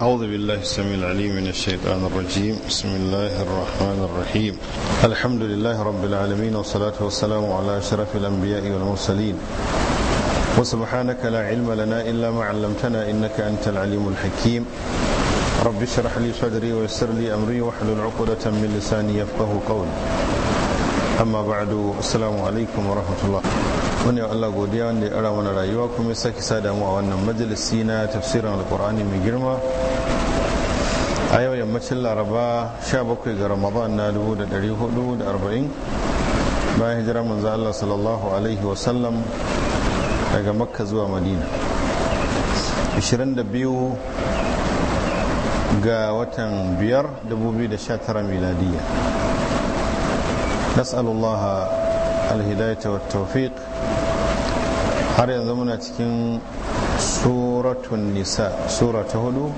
أعوذ بالله السميع العليم من الشيطان الرجيم بسم الله الرحمن الرحيم الحمد لله رب العالمين والصلاة والسلام على أشرف الأنبياء والمرسلين وسبحانك لا علم لنا إلا ما علمتنا إنك أنت العليم الحكيم رب اشرح لي صدري ويسر لي أمري واحلل عقدة من لساني يفقه قولي أما بعد السلام عليكم ورحمة الله wani Allah godiya wanda ya ara mana rayuwa kuma ya saki sada mu a wannan majalisi na tafsirin alkur'ani mai girma a yau yammacin laraba 17 ga ramadan na 1440 bayan hijira manzo Allah sallallahu alaihi wasallam daga makka zuwa madina 22 ga watan 5 2019 miladiyya nas'alullaha wa tawfiq har yanzu muna cikin suratun nisa sura ta hudu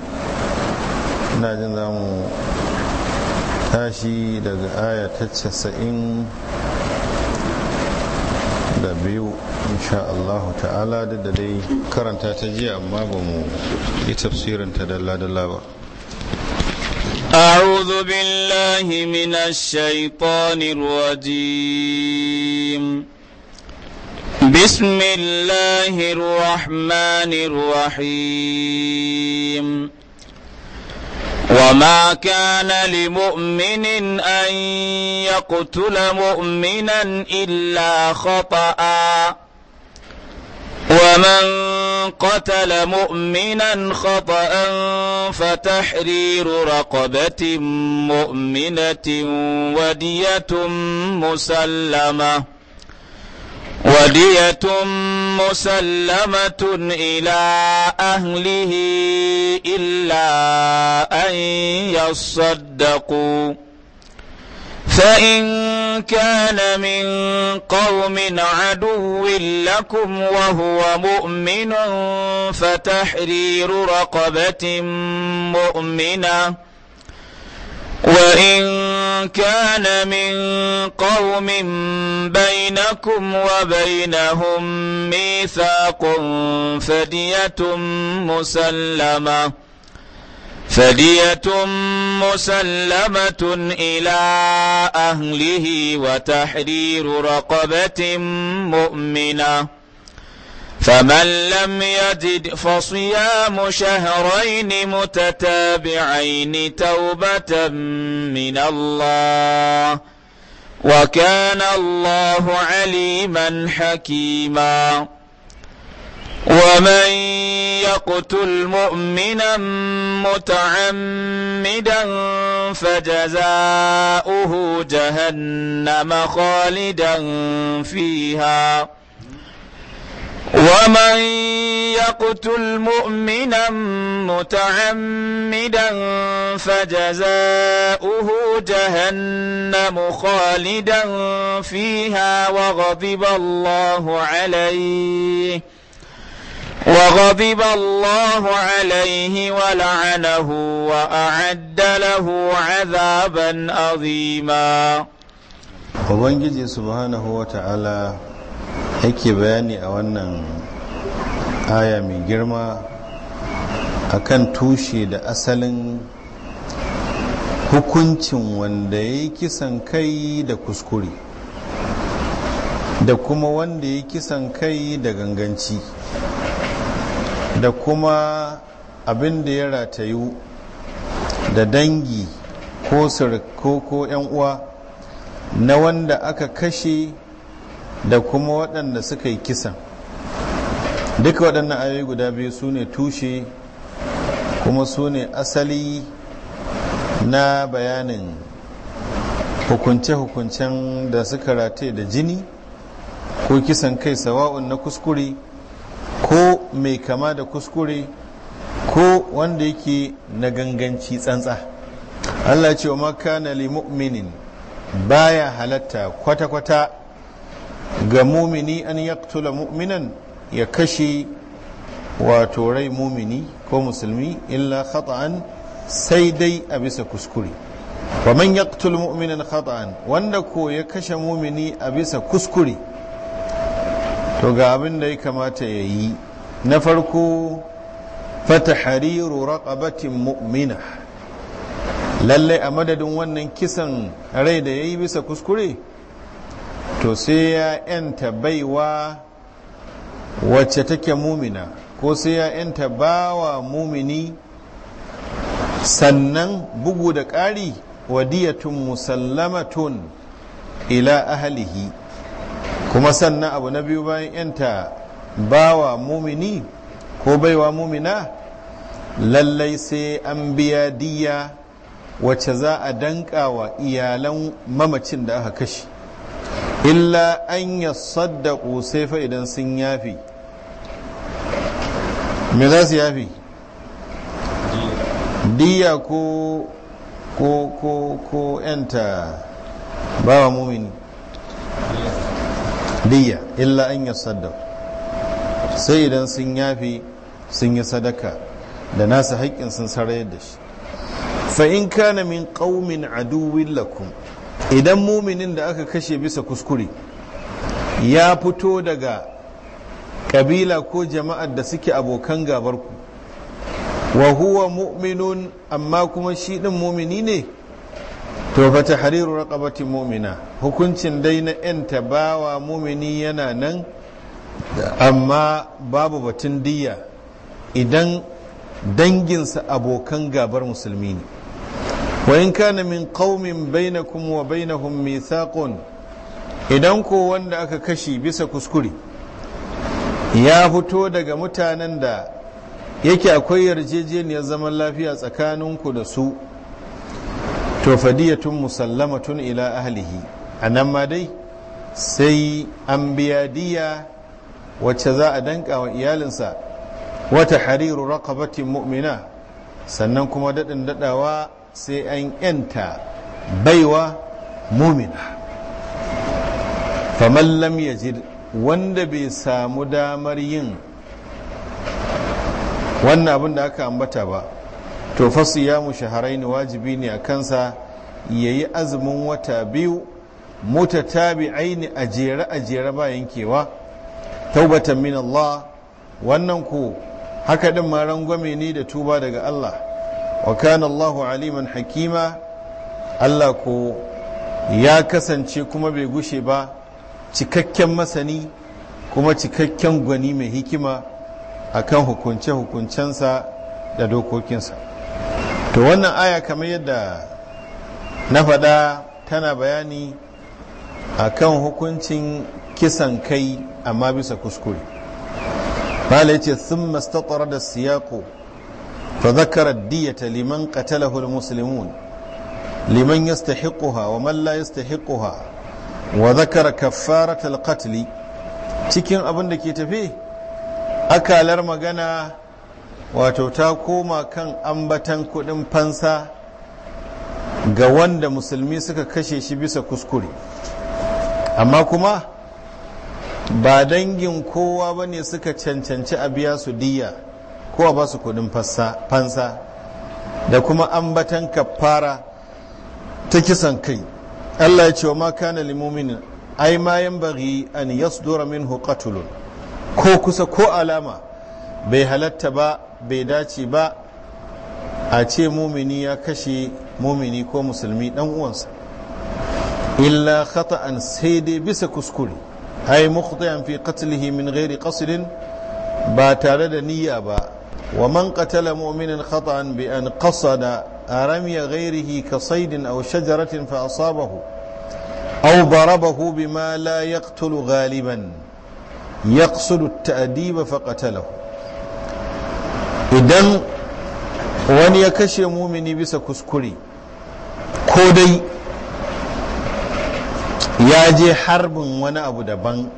na jin za mu tashi daga aya ta casa'in da biyu insha Allah ta'ala da dai karanta ta jiya amma ba mu yi tafsirin ta dalla-dalla ba أعوذ بالله من الشيطان الرجيم بسم الله الرحمن الرحيم وما كان لمؤمن أن يقتل مؤمنا إلا خطأً ومن قتل مؤمنا خطأ فتحرير رقبة مؤمنة ودية مسلمة ودية مسلمة إلى أهله إلا أن يصدقوا فإن كان من قوم عدو لكم وهو مؤمن فتحرير رقبة مؤمنة وإن كان من قوم بينكم وبينهم ميثاق فدية مسلمه فدية مسلمة إلى أهله وتحرير رقبة مؤمنة فمن لم يجد فصيام شهرين متتابعين توبة من الله وكان الله عليما حكيما ومن يقتل مؤمنا متعمدا فجزاؤه جهنم خالدا فيها ومن يقتل مؤمنا متعمدا فجزاؤه جهنم خالدا فيها وغضب الله عليه وغضب الله عليه ولعنه وأعد له عذابا azima. Ubangiji subhanahu wa ta'ala yake bayani a wannan aya mai girma akan tushe da asalin hukuncin wanda ya yi kisan kai da kuskure da kuma wanda ya yi kisan kai da ganganci da kuma abin da ya ratayu da dangi ko surko ko uwa na wanda aka kashe da kuma waɗanda suka yi kisan duka waɗannan ayoyi guda biyu su ne tushe kuma su ne asali na bayanin hukunce-hukuncen da suka rataye da jini ko kisan kai sawa'un na kuskure mai kama da kuskure ko wanda yake na ganganci tsantsa Allah ce wa na li mu'minin baya halatta kwata-kwata ga mumini an yaktula mu'minan ya kashe wato rai mumini ko musulmi illa khata'an sai dai a bisa kuskure wa man tula mu'minan khata'an wanda ko ya kashe mumini a bisa kuskure to ga abin da ya kamata ya yi na farko fatahariru raƙabatin mu'mina lallai a madadin wannan kisan rai da ya yi bisa kuskure to sai ya yanta baiwa wacce take mumina ko sai ya yanta bawa mumini sannan bugu da ƙari wadiyatun musallamatun ila ahalihi kuma sannan abu na biyu bayan yanta bawa mumini ko baiwa mumina lallai sai an biya diya wacce za a danka wa iyalan mamacin da aka kashe illa an ya saddaƙo sai fa idan sun yafi me za su yafi diya ko ko ko ko yanta bawa mumini diya illa an ya saddaƙo. sai idan sun yafi sun yi sadaka da nasa haƙƙin sun sarayar da shi fa in kana min qaumin aduwwin lakum idan muminin da aka kashe bisa kuskure ya fito daga ƙabila ko jama'ar da suke abokan gabarku wa huwa mu'minun amma kuma shi din mumini ne to fa tahriru raqabatin mu'mina hukuncin dai na yan tabawa mumini yana nan amma babu batun diya idan danginsa abokan gabar musulmi ne wayan kana min qaumin bainakum wa bainahum mithaqun idan ko wanda aka kashe bisa kuskure ya fito daga mutanen da yake akwai yarjejeniyar zaman lafiya tsakaninku da su to fadiyatun musallamatun ila ahlihi a nan ma dai sai an biya diya wacce za a danka wa iyalinsa wata hariru raqabatin mu'mina sannan kuma daɗin daɗawa sai an yanta baiwa mumina faman lam yajid wanda bai samu damar yin wannan abin da aka ambata ba to fasu ya mu shaharai ne wajibi ne a kansa ya yi azumin wata biyu mutatabi'ai ne a jere a jere ba yankewa taubatan min Allah wannan ku haka din ma rangwame ne da tuba daga Allah wa kana Allahu aliman hakima Allah ko ya kasance kuma bai gushe ba cikakken masani kuma cikakken gwani mai hikima akan hukunce-hukuncensa da dokokinsa to wannan aya kamar yadda na faɗa tana bayani akan hukuncin kisan kai amma bisa kuskure bala yace sun mastakwara da siyako fa zakara diyata liman qatalahul musulmun liman yastahiquha wa man la yastahiquha wa zakara kaffaratul qatl cikin abin da ke tafi akalar magana wato ta koma kan ambatan kudin fansa ga wanda musulmi suka kashe shi bisa kuskure amma kuma ba dangin kowa ba ne suka cancanci a biya su diya kowa ba su kudin fansa da kuma ambatan kafara ta kisan kai Allah ya ce wa ma na limuminin ai ma yan bari an yasdura min hukatulun ko kusa ko alama bai halatta ba bai dace ba a ce mumini ya kashe mumini ko musulmi dan uwansa illa khata'an sai dai bisa kuskure ai mukhtiyan fi qatlihi min ghairi qasdin ba tare da niyya ba wa man qatala mu'minan khata'an bi an qasada ramiya ghairihi ka saydin aw shajaratin fa asabahu aw darabahu bima la yaqtulu ghaliban yaqsudu at-ta'diba fa qatalahu idan wani ya kashe mumini bisa kuskure ko dai ya je harbin wani abu daban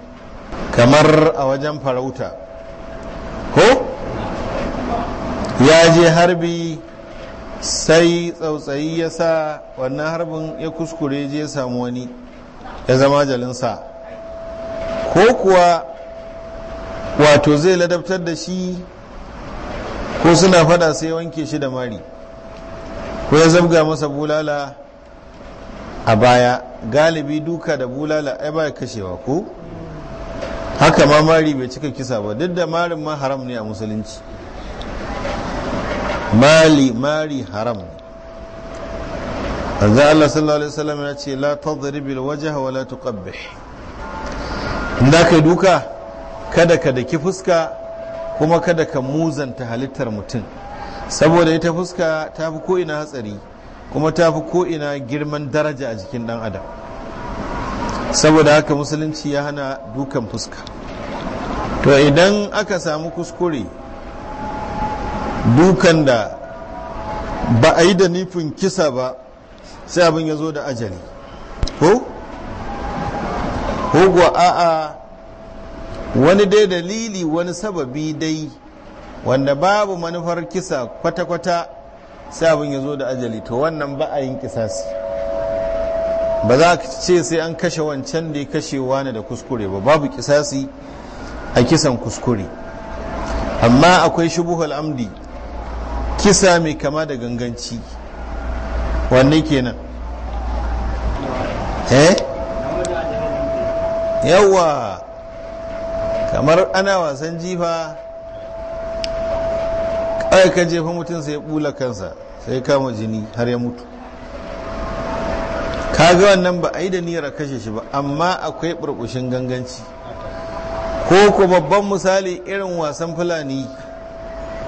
kamar a wajen farauta ko ya je harbi sai tsautsayi ya sa wannan harbin ya kuskure je samu wani ya zama jalinsa ko kuwa wato zai ladabtar da shi ko suna fada sai wanke shi da mari ko ya zabga masa bulala a baya galibi duka da bulala ai baya kashewa ko haka ma mari bai cika kisa ba duk da marin ma haram ne a musulunci mali mari haram ne Allah sallallahu alaihi wasallam ya ce la tadrib wajha wa la tuqabbih inda kai duka kada ka daki fuska kuma kada ka muzanta halittar mutum saboda ita fuska ta fi ko ina hatsari kuma ta fi ko'ina girman daraja a jikin ɗan adam saboda haka musulunci ya hana dukan fuska to idan aka samu kuskure dukan da ba a yi da nufin kisa ba sai abin ya zo da ajali ko? hugwa a'a wani dai dalili wani sababi dai wanda babu manufar kisa kwata-kwata sabon ya zo da ajali to wannan ba a yin kisasi ba za ka ce sai an kashe wancan da ya kashe wani da kuskure ba babu kisasi a kisan kuskure amma akwai shubuhul amdi kisa mai kama da ganganci wanne kenan eh yawa kamar ana wasan jifa aka ka jefa mutum sai bula kansa sai kama jini har ya mutu kaga wannan ba a yi da niyyar kashe shi ba amma akwai burbushin ganganci ko ko babban misali irin wasan fulani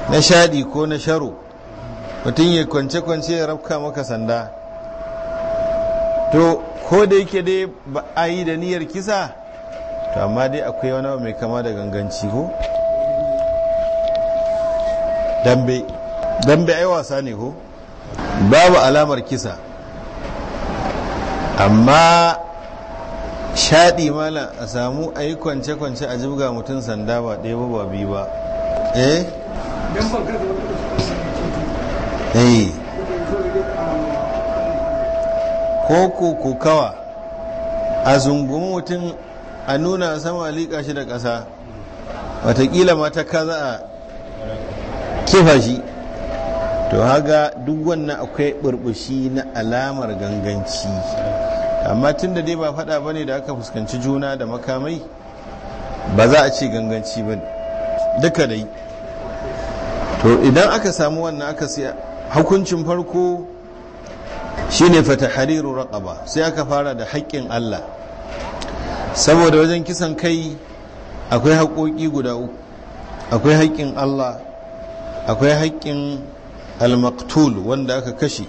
na shaɗi ko na sharo mutum ya kwance-kwance ya rafka maka sanda to ko da yake dai ba a yi da niyyar kisa to amma dai akwai wani mai kama da ganganci ko dambe dambe ai wasa ne ko babu alamar kisa amma shaɗi mala a samu a yi kwance-kwance a jibga mutum sanda ba ɗaya ba ba biyu ba eh? eh ko kawa. a zungumi mutum a nuna sama liƙa shi da ƙasa watakila mata kaza a kifa shi to haga duk wannan akwai burbushi na alamar ganganci amma tun da dai ba fada ba ne da aka fuskanci juna da makamai ba za a ce ganganci ba duka dai to idan aka samu wannan aka sai hukuncin farko shine fata hariru raqaba sai aka fara da haƙƙin Allah saboda wajen kisan kai akwai haƙoƙi guda uku akwai haƙƙin Allah akwai haƙƙin almaktul wanda aka kashe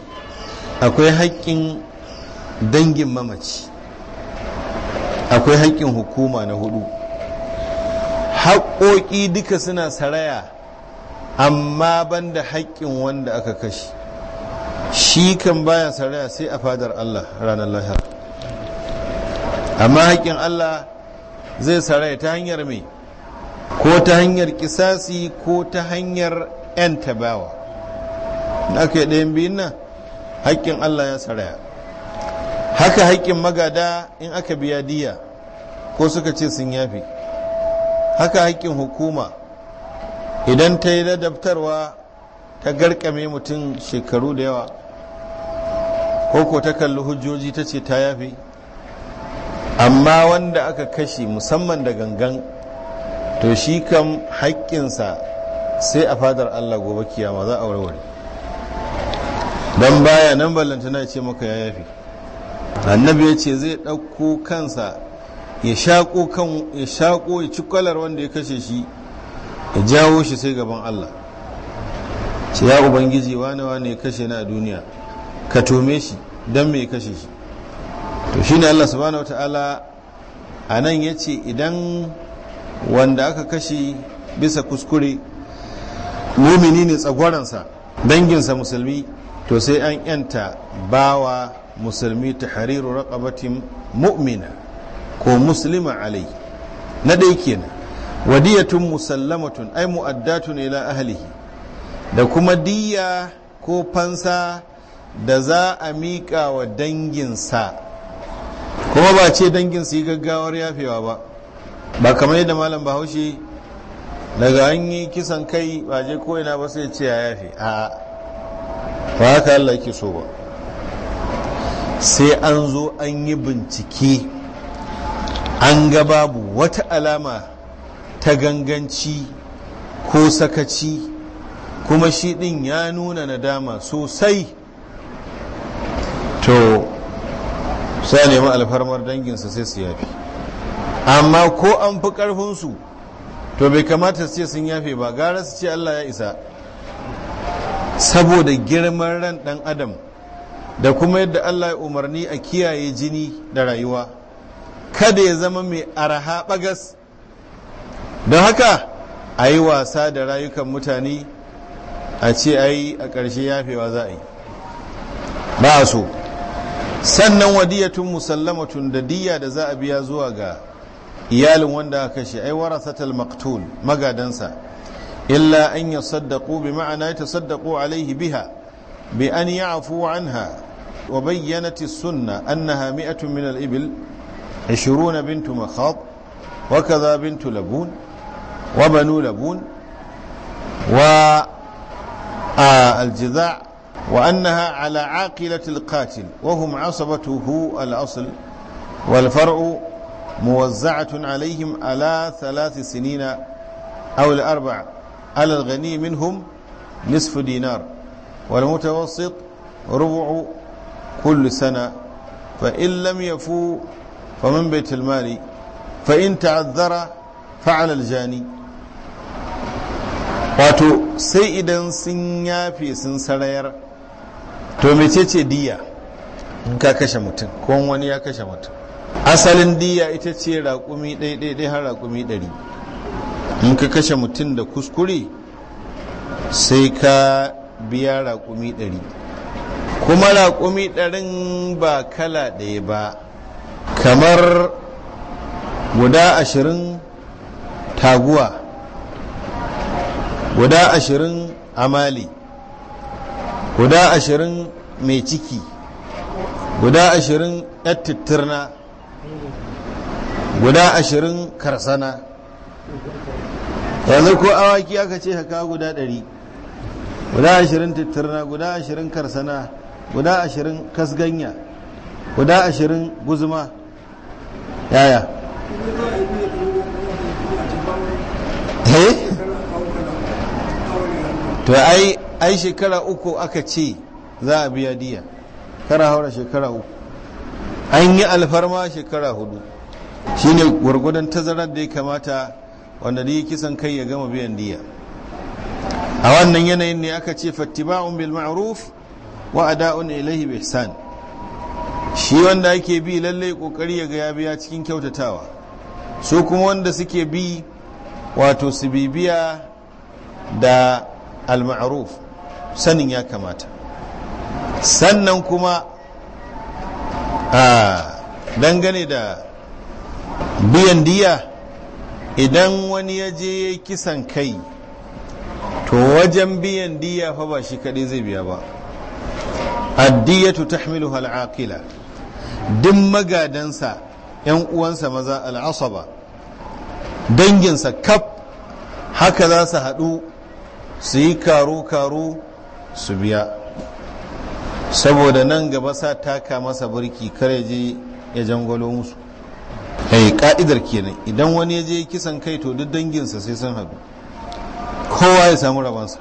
akwai haƙƙin dangin mamaci akwai haƙƙin hukuma na hudu haƙƙoƙi duka suna saraya amma banda haƙƙin wanda aka kashe shi kan baya saraya sai a fadar Allah ranar lahar amma haƙƙin Allah zai saraya ta hanyar mai ko ta hanyar kisasi ko ta hanyar 'yan tabawa na aka ɗayan biyun nan haƙƙin Allah ya saraya haka haƙƙin magada in aka biya diya ko suka ce sun yafi haka haƙƙin hukuma idan ta yi ladabtarwa ta garkame mutum shekaru da yawa ko ko ta kalli hujjoji ta ce ta yafi amma wanda aka kashe musamman da gangan to shi kam haƙƙinsa sai a fadar Allah gobe kiyama za a warware don baya nan ballantana ce maka ya yafi annabi ya ce zai ɗauko kansa ya shaƙo ya ci kwalar wanda ya kashe shi ya jawo shi sai gaban Allah ce ya ubangiji wane wane ya kashe na a duniya ka tome shi don mai ya kashe shi to shi ne Allah subhanahu wata'ala a nan ya ce idan wanda aka kashe bisa kuskure mumini ne tsagwaransa danginsa musulmi to sai an yanta bawa musulmi ta hariru raƙabatin mu'mina ko musulma alai na ɗai kenan wadiyatun musallamatun ai mu'addatun ila ahalihi da kuma diya ko fansa da za a miƙa wa danginsa kuma ba ce danginsa yi gaggawar yafewa ba ba kamar yadda malam bahaushe daga an yi kisan kai ba je ko'ina ba sai ce ya yafe a ba haka Allah ke so ba sai an zo an yi bincike an ga babu wata alama ta ganganci ko sakaci kuma shi din ya nuna nadama sosai to sai nemi alfarmar danginsa sai su yafi amma ko an fi ƙarfinsu to bai kamata su ce sun yafe ba gara su ce Allah ya isa saboda girman ran dan adam da kuma yadda Allah ya umarni a kiyaye jini da rayuwa kada ya zama mai araha bagas don haka a yi wasa da rayukan mutane a ce a yi a ƙarshe yafewa za a yi ba so sannan wadiyatun musallamatun da diya da za a biya zuwa ga iyalin wanda aka kashe ai warasatul maqtul magadansa illa an yasaddaqu bi ma'ana yatasaddaqu alayhi biha bi an ya'fu anha wa bayyanat as-sunnah annaha mi'atun min al-ibil 20 bintu makhab wa kadha bint labun wa banu labun wa al-jidha' وأنها على عاقلة القاتل وهم عصبته الأصل والفرع muwazza'atun alaihim ala thalathi sinina aw al arba' ala al ghani minhum nisfu dinar wal mutawassit rubu' kull sana fa in lam yafu fa min mali fa in ta'azzara fa ala jani wato sai idan sun yafe sun sarayar to mecece diya in ka kashe mutum ko wani ya kashe mutum asalin diya ita ce raƙumi ɗaiɗaiɗai har raƙumi ɗari in ka kashe mutum da kuskure sai ka biya raƙumi ɗari kuma raƙumi ɗarin ba kala ɗaya ba kamar guda ashirin taguwa guda ashirin amali guda ashirin mai ciki guda ashirin yattattirna guda ashirin karsana yanzu ko awaki aka ce haka guda ɗari guda ashirin tattarna guda ashirin karsana guda ashirin kasganya guda ashirin guzuma yaya eh? to ai ai shekara uku aka ce za a biya diya kara haura shekara uku an yi alfarma shekara hudu shine gwargwadon tazarar da ya kamata wanda da kisan kai ya gama biyan diya a wannan yanayin ne aka ce fattiba'un bil ma'ruf wa ada'un ilaihi bi ihsan shi wanda ake bi lallai kokari ya ga ya biya cikin kyautatawa su kuma wanda suke bi wato su bibiya da al ma'ruf sanin ya kamata sannan kuma a dangane da biyan diya idan wani ya je kisan kai to wajen biyan diya fa ba shi kaɗai zai biya ba addiyatu tahmilu al'aqila duk magadansa yan uwansa maza al'asaba danginsa kaf haka za su haɗu su yi karu karo su biya saboda nan gaba sa taka masa birki kare je ya jangwalo musu hey, eh, ka'idar kenan idan wani ya je kisan kai to duk danginsa sai sun haɗu kowa ya samu rabansa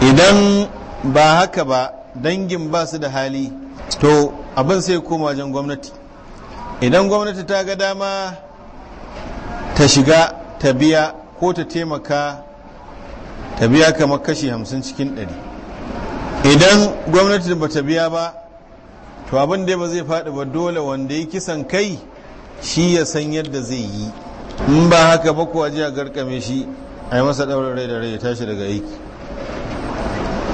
idan ba haka ba dangin ba su da hali to abin sai koma wajen gwamnati idan gwamnati ta ga dama ta shiga ta biya ko ta taimaka ta biya kamar kashi hamsin cikin ɗari idan gwamnati ba ta biya ba to abin da ba zai faɗi ba dole wanda ya kisan kai shi ya san yadda zai yi in ba haka ba ku ji a garkame shi a yi masa ɗaurin rai da rai ya tashi daga aiki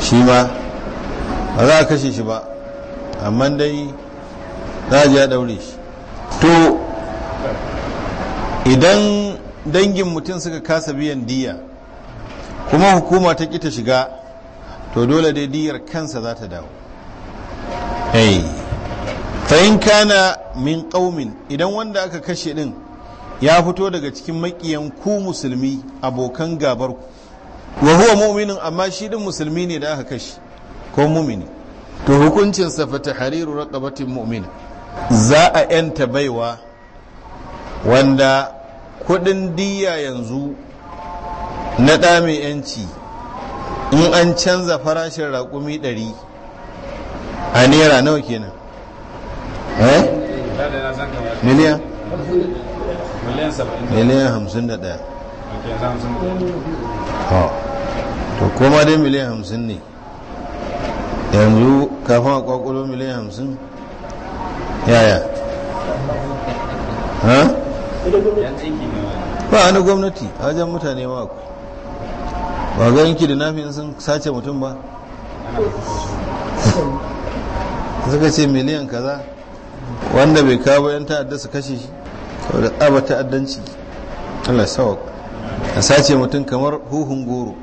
shi ma ba za a kashe shi ba amma dai za a ji a ɗaure shi to idan dangin mutum suka kasa biyan diya kuma hukuma ta ƙi ta shiga to dole dai diyar kansa za ta dawo fa'in kana min ƙaumin idan wanda aka kashe ɗin ya fito daga cikin maƙiyan ku musulmi abokan gabar ku wa huwa mu'minin amma shi ɗin musulmi ne da aka kashe ko mu'mini to hukuncinsa fa tahriru raqabatin mu'mina za a yanta baiwa wanda kuɗin diya yanzu na ɗa mai yanci in an canza farashin raƙumi ɗari a naira nawa kenan eh miliyan miliyan hamsin da daya ɗaya to koma dai miliyan hamsin ne yanzu kafin a kwakwalo miliyan hamsin yaya ha? ba wani gwamnati a wajen mutane ma ku ba ga yanki da nafi sun sace mutum ba suka ce miliyan kaza wanda bai kawo yan ta'adda su kashe shi da tsaba ta'addanci Allah sawak a sace mutum kamar huhun goro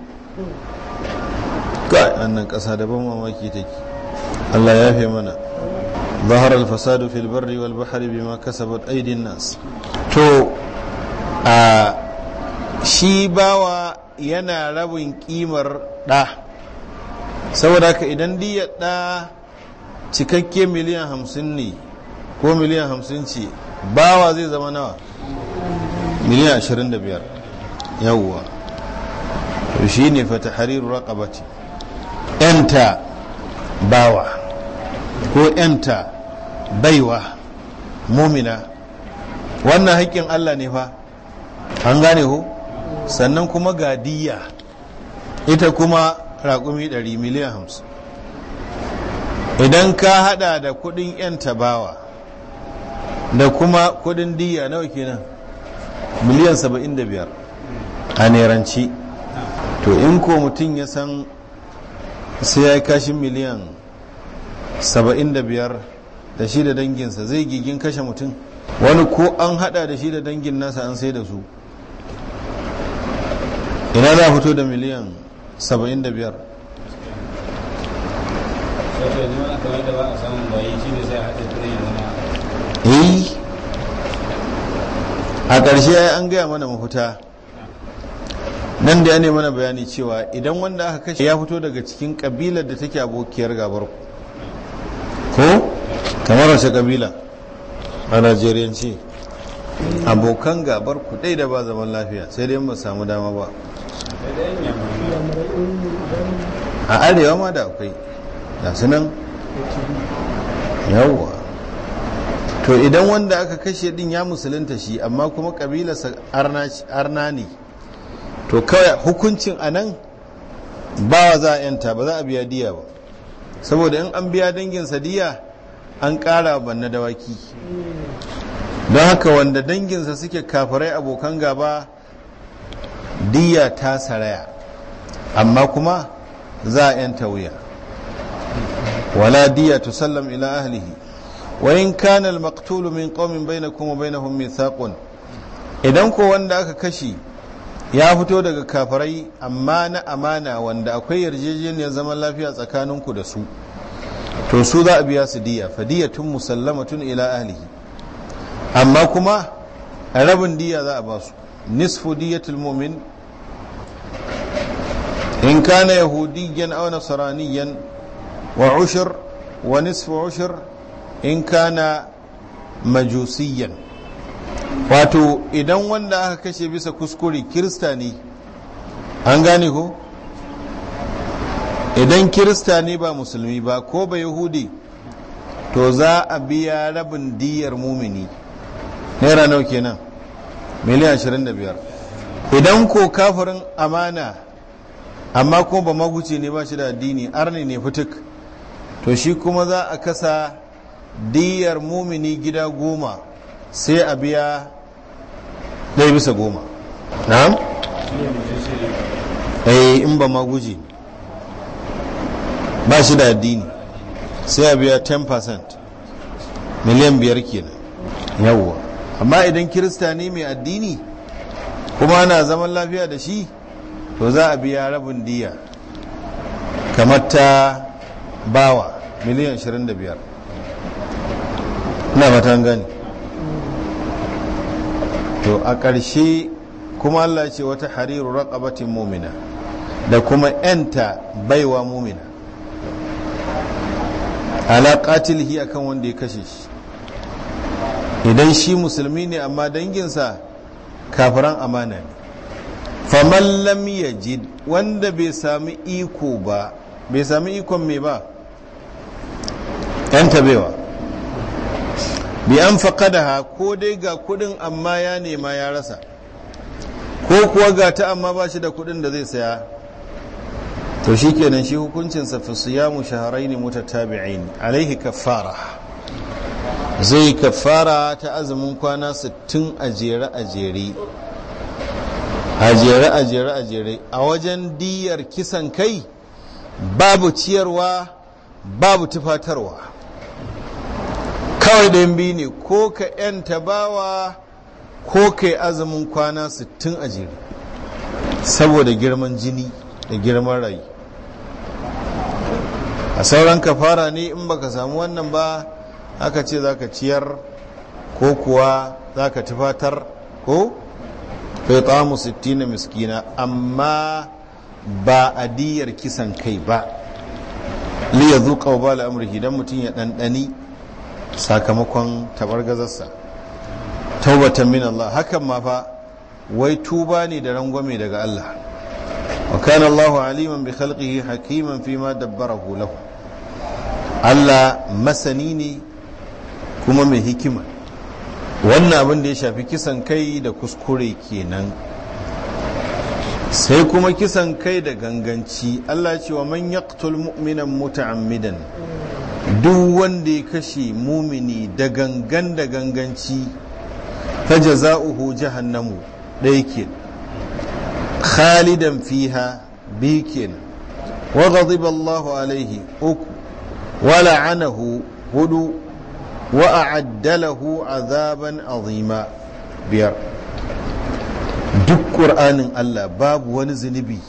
ga annan ƙasa da ban mamaki take Allah ya fi mana ظهر الفساد في البر والبحر بما كسبت aidin nas. to a shi bawa yana rabin kimar ɗa saboda ka idan diyar ɗa cikakke miliyan hamsin ne ko miliyan hamsin ce bawa zai zama nawa miliyan ashirin da biyar yawwa to shi ne fata hariru raƙabati yanta bawa ko yanta baiwa mumina wannan haƙƙin allah ne fa an gane ho sannan kuma gadiya ita kuma raƙumi ɗari miliyan hamsin idan ka hada da kudin yanta bawa. da kuma kudin diya nawa kenan miliyan 75 a neranci to in ko mutum ya san sai ya yi kashin miliyan 75 da shi da danginsa zai gigin kashe mutum wani ko an hada da shi da dangin nasa an sai da su ina za a fito da miliyan 75 yi. a ƙarshe an gaya mana mafuta nan da ya ne mana bayani cewa idan wanda aka kashe ya fito daga cikin ƙabilar da take abokiyar gabar ko kamar wace ƙabila a najeriyanci abokan gabar ku ɗai da ba zaman lafiya sai dai ba samu dama ba a arewa ma da akwai ga su yawwa to idan wanda aka kashe din ya musulunta shi amma kuma kabilarsa arna ne to kawai hukuncin a nan ba za a yanta ba za a biya diya ba saboda in an biya danginsa diya an kara banna dawaki don haka wanda danginsa suke kafirai abokan gaba diya ta saraya amma kuma za a yanta wuya wala diya tusallam ila ahlihi وإن كان المقتول من قوم بينكم وبينهم ميثاق idan ko wanda aka kashi ya fito daga kafarai amma na amana wanda akwai yarjejeniyar zaman lafiya tsakaninku da su to su za a biya su diya fadiyatun musallamatun ila ahlihi amma kuma rabin diya za a ba su nisfu diyatul mumin in kana yahudiyan aw nasraniyan wa ushur wa nisfu ushur in kana majusiyan wato idan wanda aka kashe bisa kuskure kirista ne an gane ko idan kirista ne ba musulmi ba ko ba yahudi to za a biya rabin diyar mumini naira nau kenan miliyan 25 idan ko kafirin amana amma ko ba maguci ne ba shi da addini arni ne fituk to shi kuma za a kasa diyar mumini gida goma sai a biya ɗaya bisa goma na'am eh in ba ma guji ba shi da addini sai a biya 10% miliyan biyar kenan yawwa amma idan kirista ne mai addini kuma ana zaman lafiya da shi to za a biya rabin diya kamar ta bawa miliyan 25 na matan gani to a ƙarshe kuma Allah ce wata hariru raƙabatin mumina da kuma yanta baiwa mumina ala a akan wanda ya kashe shi idan shi musulmi ne amma danginsa kafiran amana ne faman ya yajid wanda bai sami iko ba bai sami ikon me ba yanta baiwa bi an ha ko dai ga kudin amma ya nema ya rasa ko kuwa ga ta amma ba shi da kudin da zai saya to shi kenan shi hukuncinsa fi siyamu shaharaini mutatabi'in alaihi kafara zai kafara ta azumin kwana 60 a jere a jere a jere a jere a jere a wajen diyar kisan kai babu ciyarwa babu tufatarwa kawai ɗayan biyu ne ko ka ‘yanta bawa ko ka yi azumin kwana 60 a jere saboda girman jini da girman rai a sauran ka fara ne in baka samu wannan ba aka ce za ka ciyar ko kuwa za ka tufatar ko tsamu 60 miskina amma ba a diyar kisan kai ba liya zuƙa wa ba al'amurki don mutum ya ɗanɗani sakamakon tabargazarsa taubatan min Allah hakan ma fa wai tuba ne da rangwame daga Allah wa kana Allahu aliman bi khalqihi hakiman fi ma dabbarahu lahu Allah masani ne kuma mai hikima wannan abin da ya shafi kisan kai da kuskure kenan sai kuma kisan kai da ganganci Allah ce wa man yaqtul mu'minan muta'ammidan duk wanda ya kashe mumini da gangan da ganganci fa jaza'uhu jahannamu ɗaya ke khalidan fiha biyu ke wa ghadiba Allahu alaihi uku wa la'anahu hudu wa a'addalahu azaban azima biyar duk ƙur'anin Allah babu wani zunubi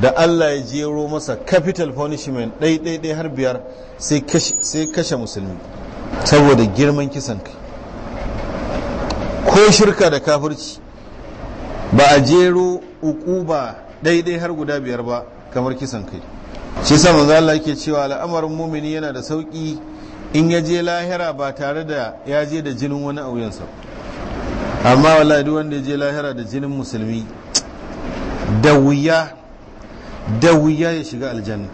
da Allah ya jero masa capital punishment ɗai-ɗai har biyar sai kashe musulmi saboda girman kisan kai ko shirka da kafirci ba a jero ukuba ɗai-ɗai har guda biyar ba kamar kisan kai shi sa za Allah yake cewa al'amarin mumini yana da sauƙi in ya je lahira ba tare da ya je da jinin wani auyensa amma wallahi duk wanda ya je lahira da jinin musulmi da wuya da wuya ya shiga aljanna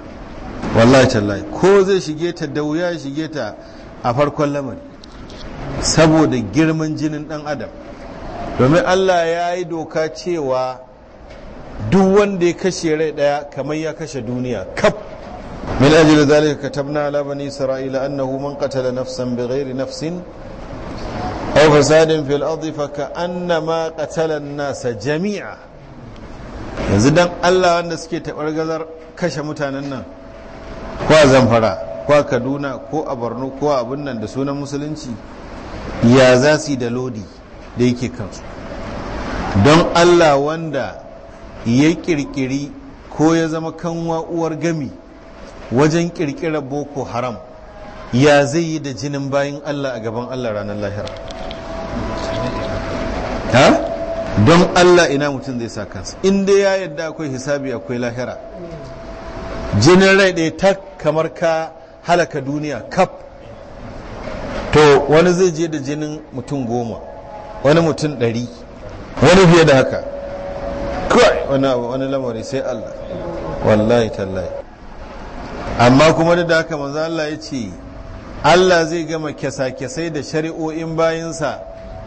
wallahi tallahi ko zai shige ta da wuya ya shige ta a farkon lamari saboda girman jinin dan adam domin allah ya yi doka cewa duk wanda ya kashe rai daya kamar ya kashe duniya kaf min ajiyar zalika katabna ala bani isra'ila annahu man qatala nafsan bighairi nafsin aw fasadin fil ardi fa ka'annama qatala an-nasa jami'a yanzu don allah wanda suke taɓar gazar kashe mutanen nan ko a zamfara ko a kaduna ko a borno ko a abin nan da sunan musulunci ya za su yi da lodi da yake kansu don allah wanda ya kirkiri ko ya zama kanwa uwar gami wajen kirkirar boko haram ya zai yi da jinin bayan allah a gaban allah ranar lahira don Allah ina mutum zai sa kansa in dai ya yadda akwai hisabi akwai lahira jinin rai ɗaya ta kamar ka halaka duniya kaf to wani zai je da jinin mutum goma wani mutum ɗari wani fiye da haka kawai wani lamari sai Allah wallahi tallahi amma kuma da haka manzo Allah ya ce Allah zai gama kyasa-kyasai da shari'o'in bayansa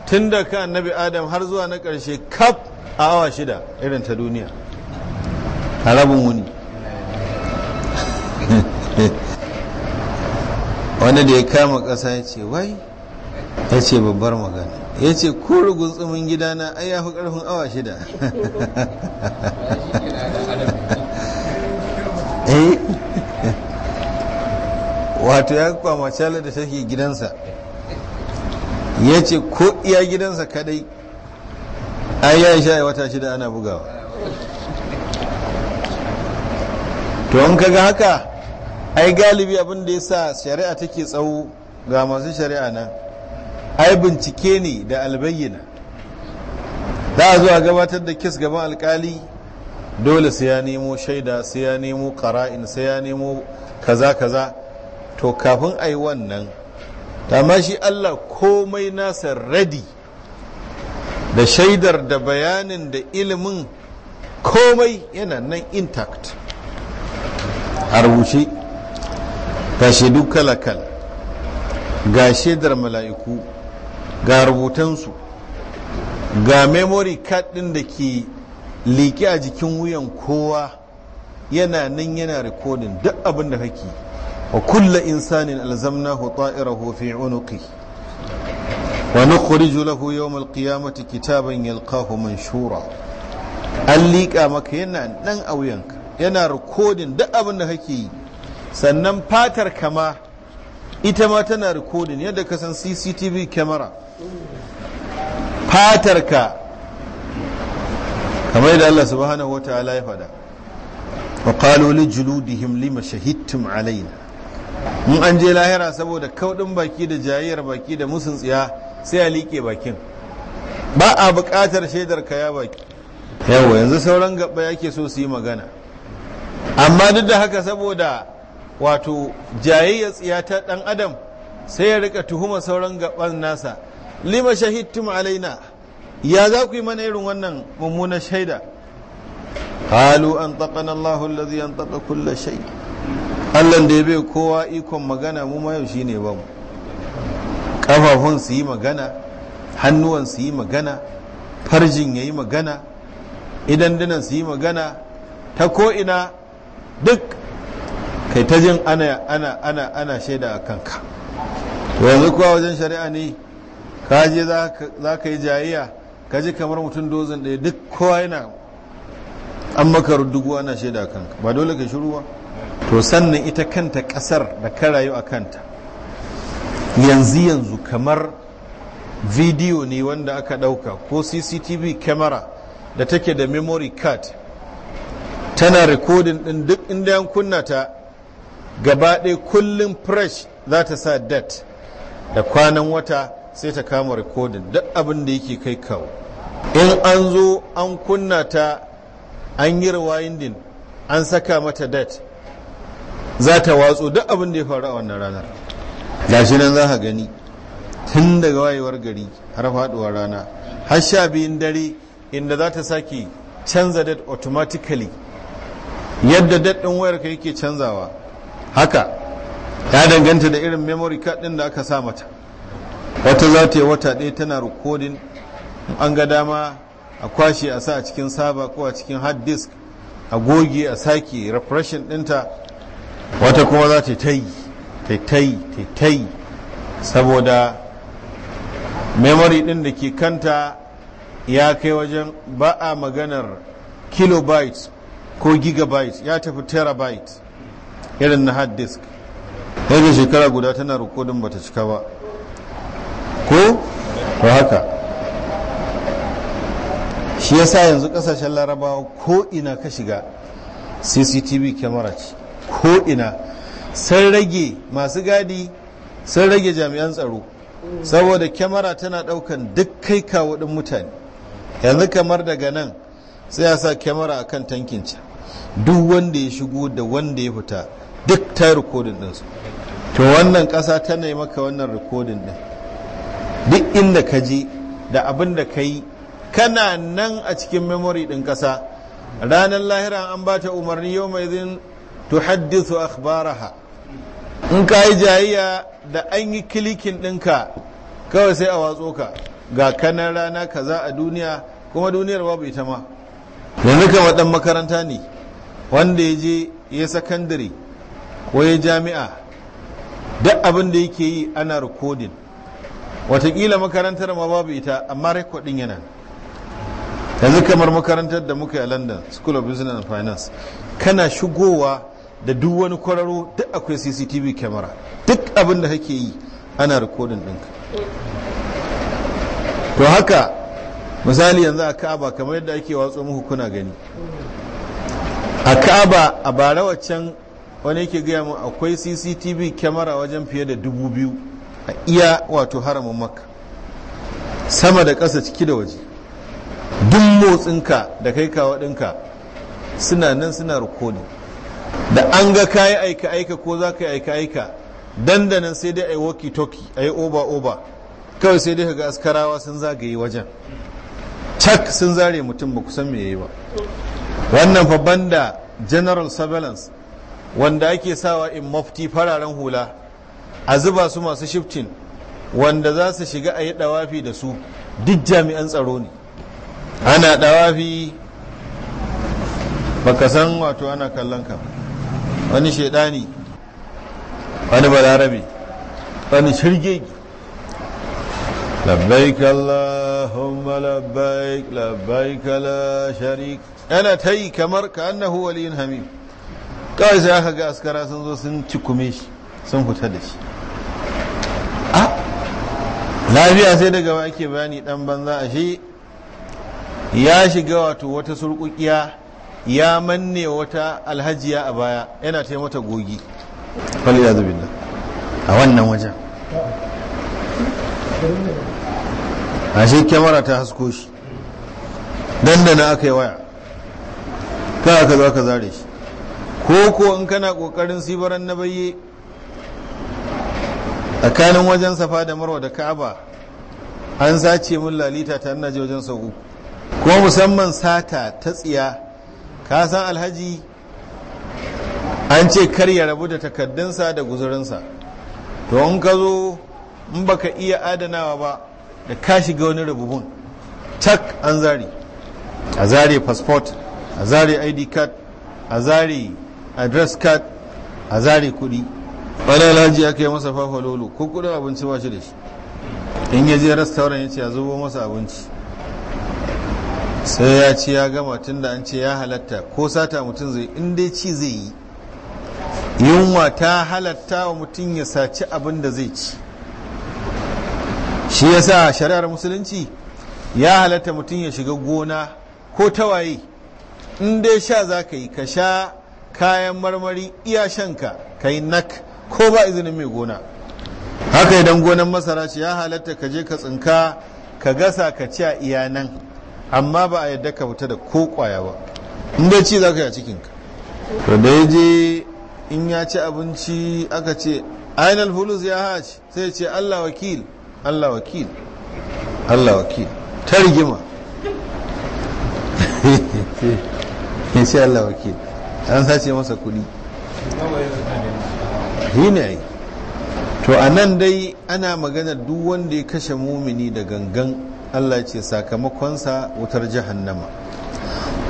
tun da ka annabi adam har zuwa na karshe kaf a awa shida irin ta duniya a rabin wuni wanda da ya kama ƙasa ya ce wai ya ce babbar magana ya ce ko tsumin gidana ai ya fi ƙarfin awa shida eh. wato ya kwamace da take gidansa ya ce ko iya gidansa kadai ai ya wata shida ana bugawa to an kaga haka ai galibi abin da ya sa shari'a take tsawo ga masu shari'a nan ai bincike ne da albayyana za a zuwa gabatar da kis gaban alkali dole sai ya nemo shaida sai ya nemo kara'in sai ya nemo kaza kaza to kafin a yi wannan ma shi Allah komai nasa radi da shaidar da bayanin da ilimin komai yana nan intact a rubuce ga shaidu kala-kala ga shaidar mala'iku ga rubutansu ga memory card din da ke liƙe a jikin wuyan kowa yana nan yana rikodin duk abin da kake وكل إنسان ألزمناه طائره في عنقه ونخرج له يوم القيامة كتابا يلقاه منشورا allika maka yana nan a wuyanka yana rikodin duk abin da kake yi sannan fatar kama ita ma tana rikodin yadda ka san cctv camera fatarka kamar da Allah subhanahu wa ta'ala ya fada wa qalu alaina Mun an je lahira saboda kauɗin baki da jayayyar baki da musun tsiya sai a liƙe bakin ba a buƙatar shaidar kaya baki yawa yanzu sauran gaba yake so su yi magana amma duk da haka saboda wato jayayyar tsiya ta ɗan adam sai ya rika tuhuma sauran gaban nasa lima shahidtum alaina ya za ku yi mana irin wannan mummunan shaida Halu an taqana Allahu allazi an taqa kulla allon da ya bai kowa ikon magana mu ma yau shi ne ba mu ƙafafun su yi magana hannuwan su yi magana farjin ya yi magana idan dinan su yi magana ta ko'ina duk kai ta jin ana ana ana ana shaida a kanka yanzu kuwa wajen shari'a ne ka je za ka yi jayayya ka ji kamar mutum dozin ɗaya duk kowa yana an maka dubu ana shaida a kanka ba dole ka shiru ba to sannan ita kanta kasar da ka rayu a kanta yanzu yanzu kamar bidiyo ne wanda aka dauka ko cctv camera da take da memory card tana rikodin din duk inda yan kunna ta gaba ɗaya kullum fresh za ta sa dat da kwanan wata sai ta kama rikodin duk abin da yake kai kawo in an zo an kunna ta an yi rewinding an saka mata dat za ta watsu duk abin da ya faru a wannan ranar gashi nan za ka gani tun daga wayewar gari har faduwar rana har sha biyun dare inda za ta sake canza date automatically yadda date wayar ka yake canzawa haka ya danganta da irin memory card ɗin da aka sa mata wata za ta yi wata ɗaya tana recording an ga dama a kwashe a sa a cikin saba ko a cikin hard disk a goge a sake repression ɗinta wata kuma za ta ta yi ta yi ta saboda memory ɗin da ke kanta ya kai wajen ba a maganar kilobytes ko gigabytes ya tafi terabytes irin na hard disk yadda shekara guda tana rikodin bata cika ba ko ba haka shi yasa yanzu kasashen larabawa ko ina ka shiga cctv kyamara ce ko'ina sun rage masu gadi sun rage jami'an tsaro saboda kyamara tana daukan duk kai kawo mutane yanzu kamar daga nan sai ya sa kyamara a kan tankin duk wanda ya shigo da wanda ya fita duk ta rikodin ɗinsu to wannan ƙasa tana yi maka wannan rikodin ɗin duk inda ka je da abin da ka yi kana nan a cikin memory ɗin ƙasa ranar lahira an ba ta umarni yau mai zin tuhaddithu akhbaraha in ka yi jayayya da an yi kilikin ɗinka kawai sai a watso ka ga kanan rana kaza a duniya kuma duniyar babu ita ma yanzu kama ɗan makaranta ne wanda ya je ya sakandare ko ya jami'a duk abin da yake yi ana rikodin watakila makarantar ma babu ita amma rikodin yana yanzu kamar makarantar da muka yi a london school of business and finance kana shigowa da duk wani kwararo duk akwai cctv camera duk abin da kake yi ana rikodin ɗinka to haka misali yanzu a ka'aba kamar yadda ake watsa muku kuna gani a ka'aba a bara waccan wani yake gaya mu akwai cctv kyamara wajen fiye da dubu biyu a iya wato haramun maka. sama da ƙasa ciki da waje duk motsinka da kai kawo ɗinka suna nan suna rikodin da an ga kayi aika aika ko za ka yi aika aika dandanan sai dai a yi walkie talkie a yi oba oba kawai sai dai ka ga askarawa sun zagaye wajen cak sun zare mutum ba kusan me yayi ba wannan fa banda general surveillance wanda ake sawa in mafti fararen hula a zuba su masu shiftin wanda za su shiga a yi dawafi da su duk jami'an tsaro ne ana dawafi baka san wato ana kallon ka wani shaidani wani balarabe wani shirge labbaik allahumma labbaik labbaik la sharik yana ta yi kamar ka annahu waliyin hamim kawai sai aka ga askara sun zo sun cikume shi sun fita da shi a ah! lafiya sai daga ba ake bayani dan banza a shi ya shiga wato wata surkukiya ya manne wata alhajiya a baya yana ta mata gogi kwallo ya a wannan wajen a shi kyamara ta hasko shi dandana aka yi waya ka aka zo aka zare shi ko ko in kana kokarin sibaran na bayye tsakanin wajen safa da marwa da ka'aba an sace mun lalita ta ina wajen sau uku kuma musamman sata ta tsiya ka san alhaji an ce kar ya rabu da takaddunsa da guzurinsa to in ka zo in baka iya adanawa ba da ka shiga wani rububun tak an zari a zare passport a zare id card a zare address card a zare kudi wani alhaji aka yi masa fafa lolo ko kudin abinci ba shi da shi in ya je restaurant ya ce a zubo masa abinci sai ya ci ya gama tun da an ce ya halatta ko sata mutum zai inda ci zai yi yunwa ta halatta wa mutum ya saci abin da zai ci shi yasa shari'ar musulunci ya halatta mutum ya shiga gona ko tawaye inda dai sha za ka yi ka sha kayan marmari iya shanka ka yi nak ko ba izinin mai gona haka idan gonan masara ce ya halatta ka je ka tsinka ka gasa ka ci a nan. amma ba a yadda ka fita da ko kwaya ba in dai ci za ka yi a cikinka to da ya je in ya ci abinci aka ce ainihin hulus ya haci sai ce allah wakil allah wakil allah wakil ta rigima ya ce allah wakil an sace masa kudi shi ne to a nan dai ana magana duk wanda ya kashe mumini da gangan Allah ce sakamakonsa wutar jahannama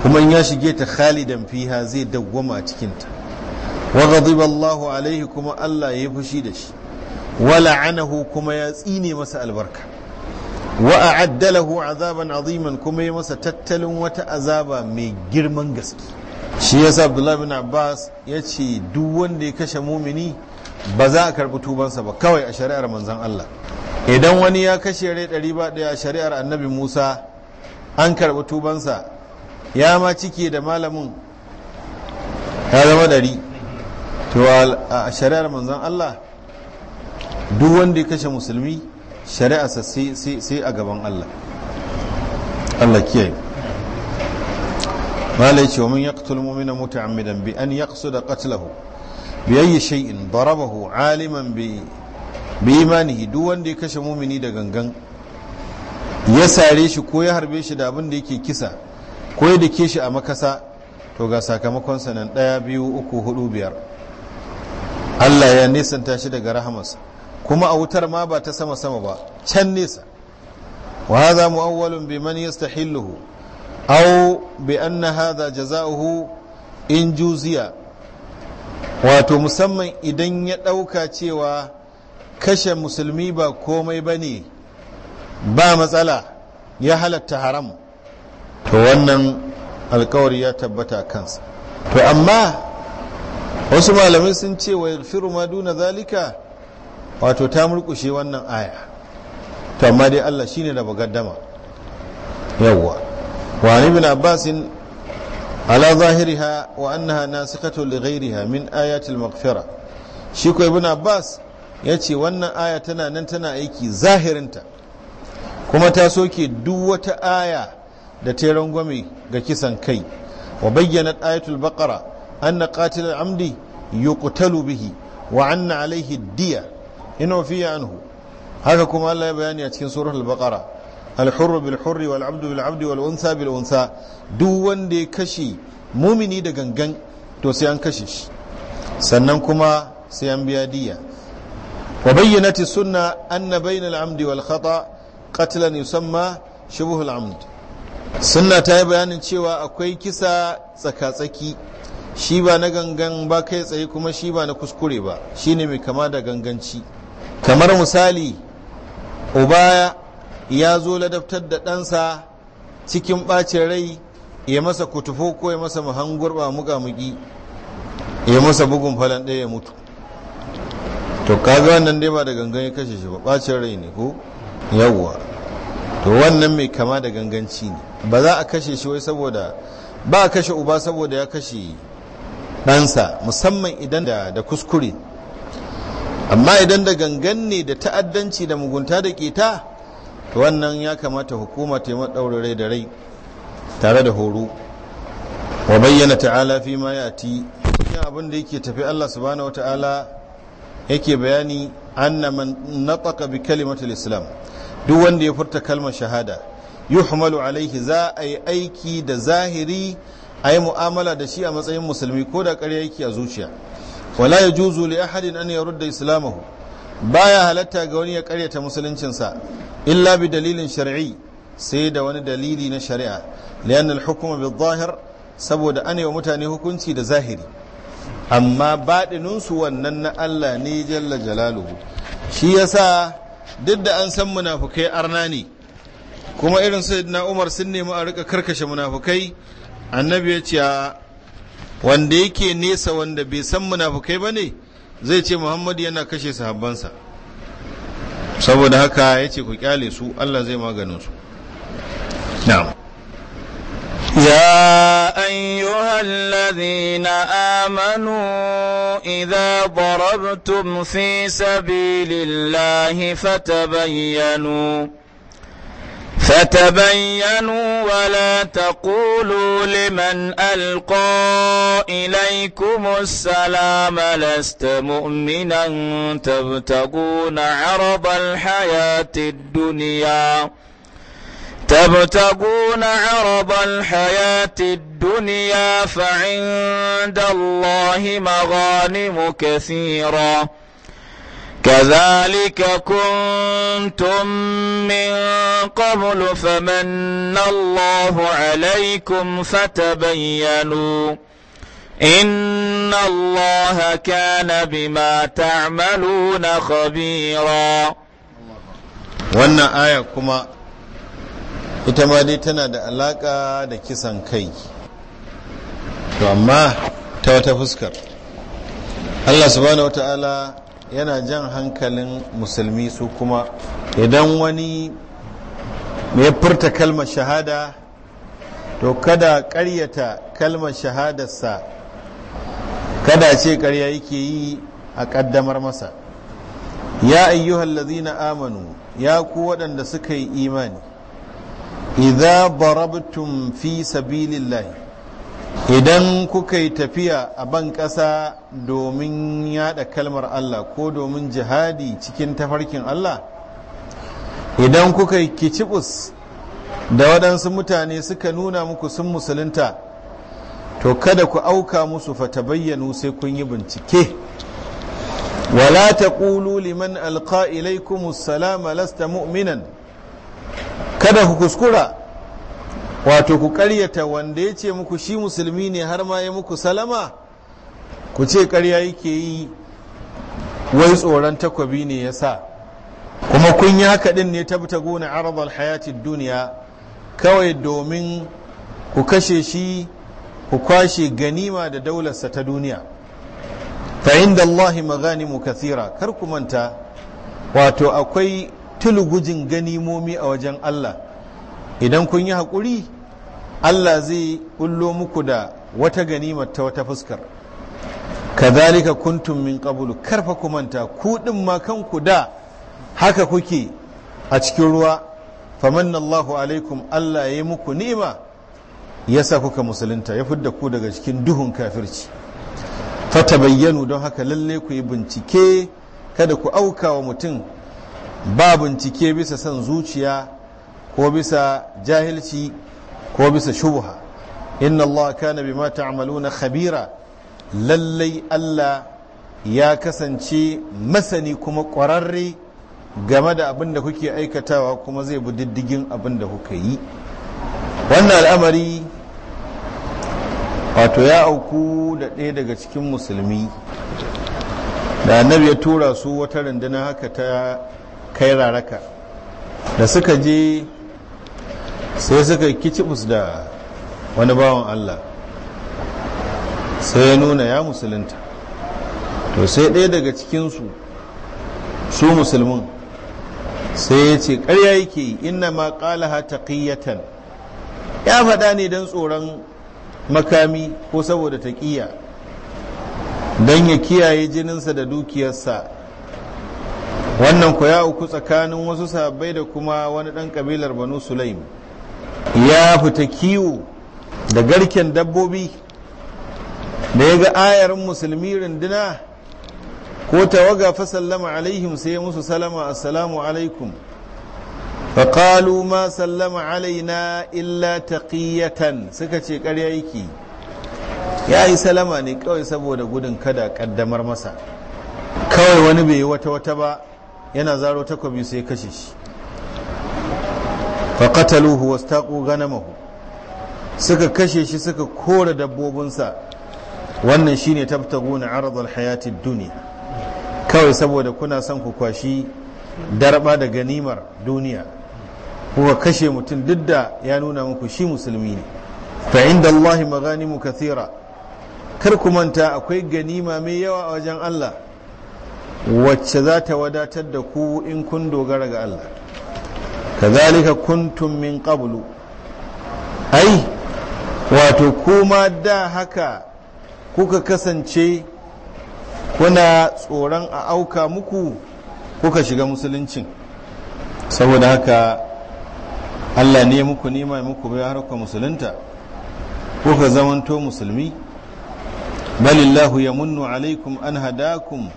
kuma ya shige ta khalidan fiha zai dawwama a cikinta wa ghadiba Allahu alaihi kuma Allah ya fushi da shi wa la'anahu kuma ya tsine masa albarka wa a'addalahu azaban aziman kuma ya masa tattalin wata azaba mai girman gaske shi yasa Abdullah bin Abbas ya ce duk wanda ya kashe mumini ba za a karbi tubansa ba kawai a shari'ar manzan Allah idan wani ya kashe rai ɗari ba ɗaya a shari'ar annabi Musa an karbi tubansa ya ma ciki da malamin ya zama ɗari to a shari'ar manzan Allah duk wanda ya kashe musulmi shari'arsa sai a gaban Allah Allah kiyaye malai ce wa min yaqtul mu'mina muta'ammidan bi an da qatlahu biyayya shay'in darabahu aliman bi bi imanihi duk wanda ya kashe mumini da gangan ya sare shi ko ya harbe shi da abin da yake kisa ko ya dake shi a makasa to ga sakamakon sanan ɗaya biyu uku hudu biyar Allah ya nesanta shi daga rahamarsa kuma a wutar ma ba ta sama sama ba can nesa wa hadha mu'awwalun bi man yastahilluhu aw bi anna hadha jazaohu in juziya wato musamman idan ya ɗauka cewa kashe musulmi ba komai ba ne ba matsala ya halatta haram to wannan alkawari ya tabbata kansa to amma wasu malamai sun ce wa yaghfiru ma duna zalika wato ta murkushe wannan aya to amma dai Allah shine da bugaddama yawwa wani bin abbasin ala zahiriha wa annaha nasikatu li ghairiha min ayatil maghfira shi ko ibn abbas yace wannan aya tana nan tana aiki zahirinta kuma ta soke duk wata aya da ta rangwame ga kisan kai wa bayyana ayatul baqara anna qatil al-amdi yuqtalu bihi wa anna alayhi diya ina fiya anhu haka kuma Allah ya bayani a cikin suratul baƙara. alhurru bil hurri wal abdu bil abdi wal unsa bil duk wanda ya kashe mumini da gangan to sai an kashe shi sannan kuma sai an biya diyya. wa bayyanati sunna anna bainal amdi wal khata qatlan yusamma sunna ta yi bayanin cewa akwai kisa tsakatsaki shi ba na gangan ba kai tsaye kuma shi ba na kuskure ba shine mai kama da ganganci kamar misali ubaya. ya zo ladabtar da ɗansa cikin ɓacin rai ya masa kutufo ko ya masa muhangur ba muga mugi ya masa bugun falon ɗaya ya mutu to kaga wannan dai ba da gangan ya kashe shi ba ɓacin rai ne ko yawwa to wannan mai kama da ganganci ne ba za a kashe shi wai saboda ba a kashe uba saboda ya kashe ɗansa musamman idan da kuskure amma idan da gangan ne da ta'addanci da mugunta da ƙeta to wannan ya kamata hukuma ta yi rai da rai tare da horo wa bayyana ta'ala fi ma ya ti cikin abin da yake tafi Allah subhanahu wa ta'ala yake bayani anna man nataka bi kalimatul islam duk wanda ya furta kalmar shahada yuhmalu alaihi za a yi aiki da zahiri a yi mu'amala da shi a matsayin musulmi ko da ƙarya yake a zuciya wala yajuzu li ahadin an yarudda islamahu baya halatta ga wani ya karyata musuluncinsa illa bi dalilin shari'i sai da wani dalili na shari'a liyan hukuma bi zahir saboda an wa mutane hukunci da zahiri amma baɗininsu wannan na Allah ne jalla jalaluhu shi yasa duk da an san munafukai arna ne kuma irin su na umar sun nemi a rika karkashe munafukai annabi ya ce wanda yake nesa wanda bai san munafukai ba ne zai ce muhammadu yana kashe sahabbansa saboda haka ya ce ku kyale su allah zai maganin su ya يا na amanu idan إذا fi في سبيل fata فتبينوا ولا تقولوا لمن ألقى إليكم السلام لست مؤمنا تبتغون عرض الحياة الدنيا تبتغون عرض الحياة الدنيا فعند الله مغانم كثيرة كذلك كنتم من قبل فمن الله عليكم فتبينوا إن الله كان بما تعملون خبيرا wannan aya kuma ita ma dai tana da alaƙa da kisan kai to amma ta wata fuskar Allah subhanahu wa ta'ala yana jan hankalin musulmi su kuma idan wani ya furta kalmar shahada to kada karyata kalmar shahadarsa kada ce karya yake yi a ƙaddamar masa ya ayyuhal lazina amanu ya ku waɗanda suka yi imani idza barabtum fi sabilillahi idan kuka yi tafiya a ban ƙasa domin yada kalmar Allah ko domin jihadi cikin tafarkin Allah idan kuka yi kicibus da waɗansu mutane suka nuna muku sun musulunta to kada ku auka musu fata bayyanu sai kun yi bincike wala ta ƙulu liman alƙa'ilai kuma salama lasta mu'minan kada ku kuskura wato ku karyata wanda ya ce muku shi musulmi ne har ma ya muku salama ku ce karya yake yi wai tsoron takwabi ne ya sa kuma kun yi haka din ne ta gona arzal hayatin duniya kawai domin ku kashe shi ku kwashe ganima da daularsa ta duniya fa inda Allahi maganimu kathira kar ku manta wato akwai tulugujin ganimomi a wajen Allah idan kun yi haƙuri Allah zai kullo muku da wata ganima ta wata fuskar kazalika kuntum min qablu karfa ku manta ku din ma kanku da haka kuke a cikin ruwa famanna Allahu alaikum Allah ya yi muku ni'ima sa kuka musulunta ya fidda ku daga cikin duhun kafirci fata bayyanu don haka lalle ku yi bincike kada ku auka wa mutum ba bincike bisa son zuciya ko bisa jahilci ko bisa shubha inna Allah kana bima ta'maluna khabira lallai Allah ya kasance masani kuma ƙwararre game da abin da kuke aikatawa kuma zai bi diddigin abin da kuka yi wannan al'amari wato ya auku da ɗaya daga cikin musulmi da annabi ya tura su wata rundunar haka ta kai raraka da suka je sai suka kicibus da wani bawan Allah sai ya nuna ya musulunta to sai ɗaya daga cikinsu su musulmin sai ya ce ƙarya yake yi inna ma ƙalaha taqiyatan ya faɗa ne don tsoron makami ko saboda ta taƙiyya don ya kiyaye jininsa da dukiyarsa wannan ku ya uku tsakanin wasu sabai da kuma wani ɗan ƙabilar banu sulaim ya fita kiwo da garken dabbobi da ya ga ayarin musulmi runduna ko tawaga fa sallama alaihim sai ya musu salama assalamu alaikum faƙalu ma sallama alaina illa taqiyatan suka ce ƙarya yake ya yi salama ne kawai saboda gudun kada ƙaddamar masa kawai wani bai yi wata wata ba yana zaro takobi sai kashe shi fa wasu wastaqu ganamahu suka kashe shi suka kora dabbobinsa wannan shi shine tabtaguna arzikin hayatid duniya kawai saboda kuna son ku kwashi darba da ganimar duniya kuka kashe mutum duk da ya nuna muku shi musulmi ne fa inda Allah maganimu kathira kar ku manta akwai ganima mai yawa a wajen Allah wacce za ta wadatar da ku in kun dogara ga Allah kazalika kuntum min qablu ai wato kuma da haka kuka kasance kuna tsoron a auka muku kuka shiga musuluncin saboda haka Allah ne muku mai muku bai harka musulunta kuka zamanto musulmi balillahu ya munnu alaikum an hadakum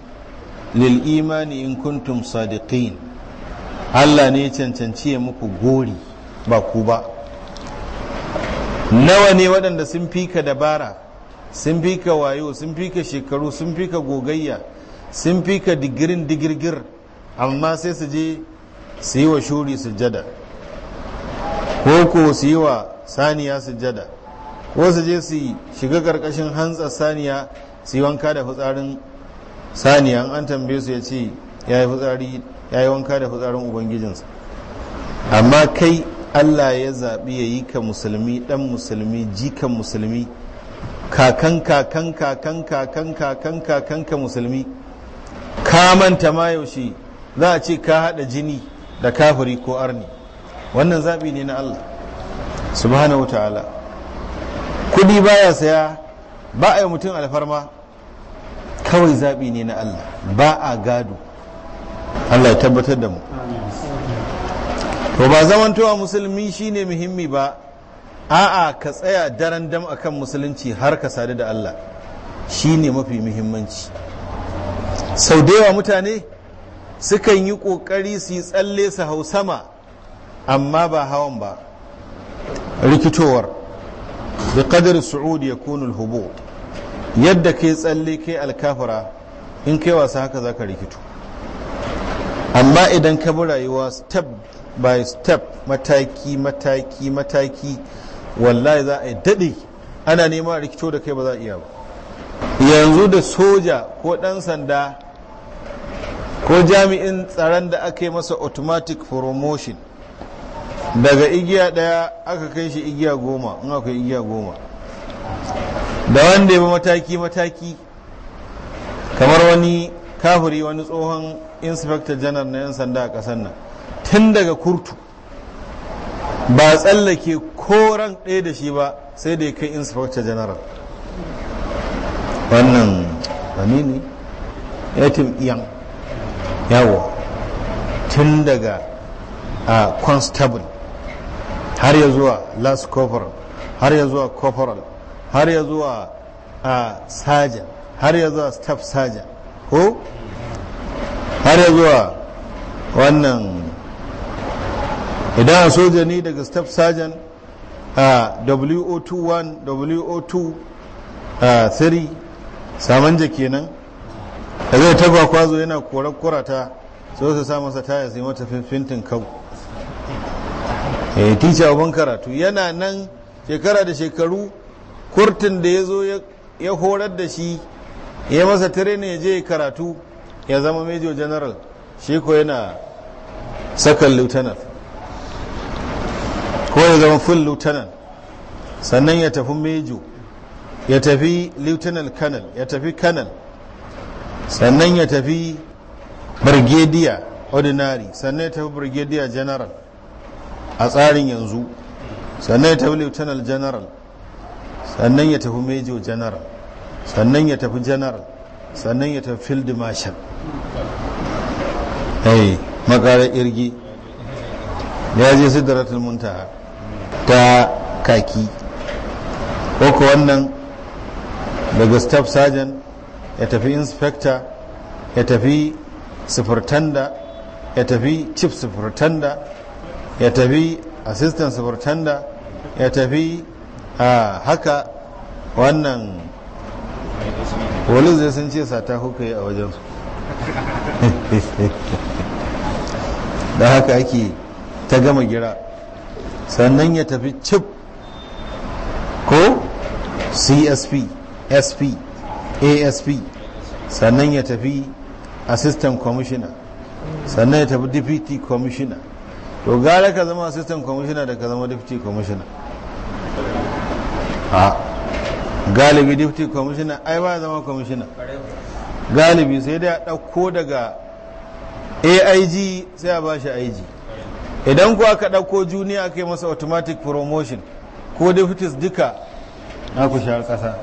lil imani in kuntum sadiqin Allah ne cancanci ya muku gori ba ku ba nawa ne waɗanda sun fika dabara sun fika wayo sun fika shekaru sun fika gogayya sun fika digirin digirgir amma sai su je su yi wa shuri sujada ko ko su yi wa saniya sujada ko su je su shiga karkashin hantsa saniya su yi wanka da fitsarin saniya an tambaye su ya ce ya yi fitsari ya yi wanka da fitsarin ubangijinsa amma kai allah ya zaɓi ya yi ka musulmi ɗan musulmi jikan musulmi kakan kakan kakan kakan kakan kakan ka musulmi ka manta ma yaushe za a ce ka haɗa jini da kafiri ko arni wannan zaɓi ne na allah subhanahu ta'ala kudi baya saya ba a yi mutum alfarma kawai zaɓi ne na allah ba a gado Allah ya tabbatar da mu to ba zaman zamantowa musulmi shine muhimmi ba a'a ka tsaya daren dam akan musulunci har ka sadu da Allah shine mafi muhimmanci sau da yawa mutane sukan yi ƙoƙari su yi tsalle su hau sama amma ba hawan ba rikitowar da qadar su'ud ya hubo. hubu yadda ke tsalle ke alkafara in kai wasa haka za ka rikito amma idan ka bi rayuwa step by step mataki mataki mataki wallahi za a yi daɗe ana neman rikito da kai ba za a iya ba yanzu da soja ko ɗan sanda ko jami'in tsaron da aka yi masa automatic promotion daga igiya ɗaya aka kai shi igiya goma in akwai igiya goma da wanda ya mataki mataki kamar wani kahuri wani tsohon inspector janar na 'yan sanda a ƙasar nan tun daga kurtu ba tsallake koran ɗaya da shi ba sai da ya kai inspector general wannan amini yatim iyan yawo tun daga a constable har ya zuwa last corporal har ya zuwa corporal har ya zuwa a sergeant har ya zuwa staff sergeant. ko har ya zuwa wannan idan a soja ne daga staff sergeant a wo21 wo 23 saman saman nan da zai taba kwazo yana korar kurata so su sa masa taya sai mata fintin kau ya eh, tice abin karatu yana nan shekara da shekaru kurtin da ya zo ya horar da shi ya masa tirenin ya je karatu ya zama major general shi ko yana second lieutenant ko ya zama full lieutenant sannan ya tafi major ya tafi lieutenant colonel ya tafi colonel sannan ya tafi brigadier ordinary sannan ya tafi brigadier general a tsarin yanzu sannan ya tafi lieutenant general sannan ya tafi major general sannan ya tafi general sannan ya tafi field marshal hey, makarar irgi ya je sidratul muntaha ta kaki ko wannan daga staff sergeant ya tafi inspector ya tafi sufurtanda ya tafi chief sufurtanda ya tafi assistant sufurtanda ya tafi ah, haka wannan wani zai sun ce sata kuka yi a wajensu da haka ake ta gama gira sannan ya tafi chip ko csp sp asp sannan ya tafi assistant commissioner sannan ya tafi deputy commissioner to gara ka zama assistant commissioner da ka zama deputy commissioner galibi deputy commissioner ai ba zama commissioner galibi sai dai a ɗauko daga aig sai a ba shi aig idan ku aka ɗauko junior aka yi masa automatic promotion ko deputies duka na ku sha ƙasa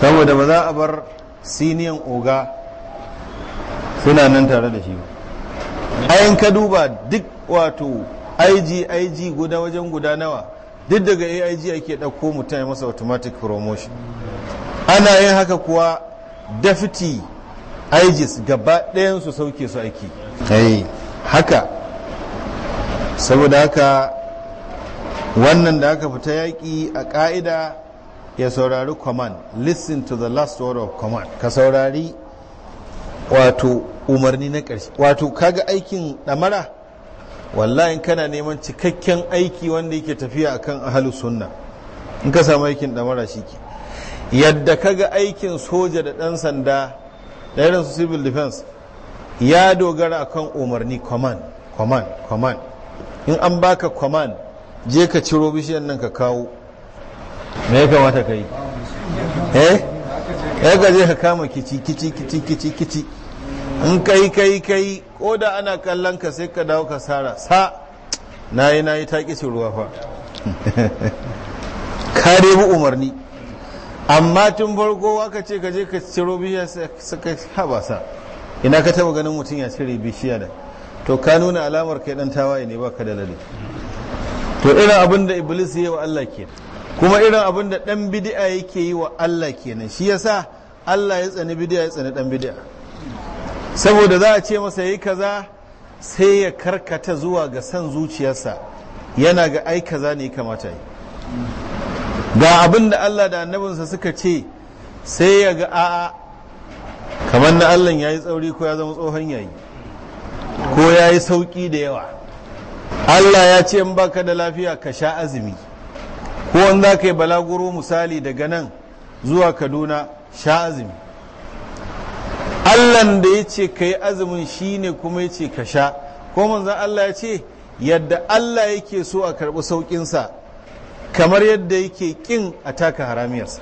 saboda ba za a bar siniyan oga suna nan tare da shi ba ayin ka duba duk wato ig ig guda wajen guda nawa duk daga aig ake ɗauko mutum masa automatic promotion ana yin haka kuwa dafti aegis gaba su sauke su aiki kai haka saboda haka wannan da aka fita yaƙi a ƙa'ida ya saurari command listen to the last word of command ka saurari wato umarni na ƙarshe wato kaga aikin ɗamara wallahi in kana neman cikakken aiki wanda yake tafiya akan kan sunna in ka samu aikin ɗamara shi ke yadda kaga aikin soja da ɗan sanda da irin su civil defense ya dogara akan umarni command command command in an baka command je ka ciro bishiyan nan ka kawo me ya kamata ka yi eh ya gaje ka kama kici kici kici kici kici in kai kai kai ko da ana kallon ka sai ka dawo ka sara sa nayi nayi ta kici ruwa fa kare bu umarni amma tun farko aka ce ka je ka ciro bishiya suka haba sa ina ka taba ganin mutum ya cire bishiya da to ka nuna alamar kai dan tawaye ne baka da lalle to irin abin da iblis ya yi wa Allah ke kuma irin abin da dan bid'a yake yi wa Allah kenan shi yasa Allah ya tsani bid'a ya tsani dan bid'a saboda za a ce masa yayi kaza sai ya karkata zuwa ga san zuciyarsa yana ga ai kaza ne kamata yi ga abin da Allah da annabinsa suka ce sai ya ga a'a kamar na Allah ya yi tsauri ko ya zama tsohon yayi ko ya yi sauƙi da yawa Allah ya ce in baka da lafiya ka sha azumi ko in za ka yi balaguro misali daga nan zuwa kaduna sha azumi Allahn da ya ce ka yi azumin shi ne kuma ya ce ka sha ko manzan Allah ya ce yadda Allah yake so a karɓi sauƙinsa kamar yadda yake kin a taka haramiyarsa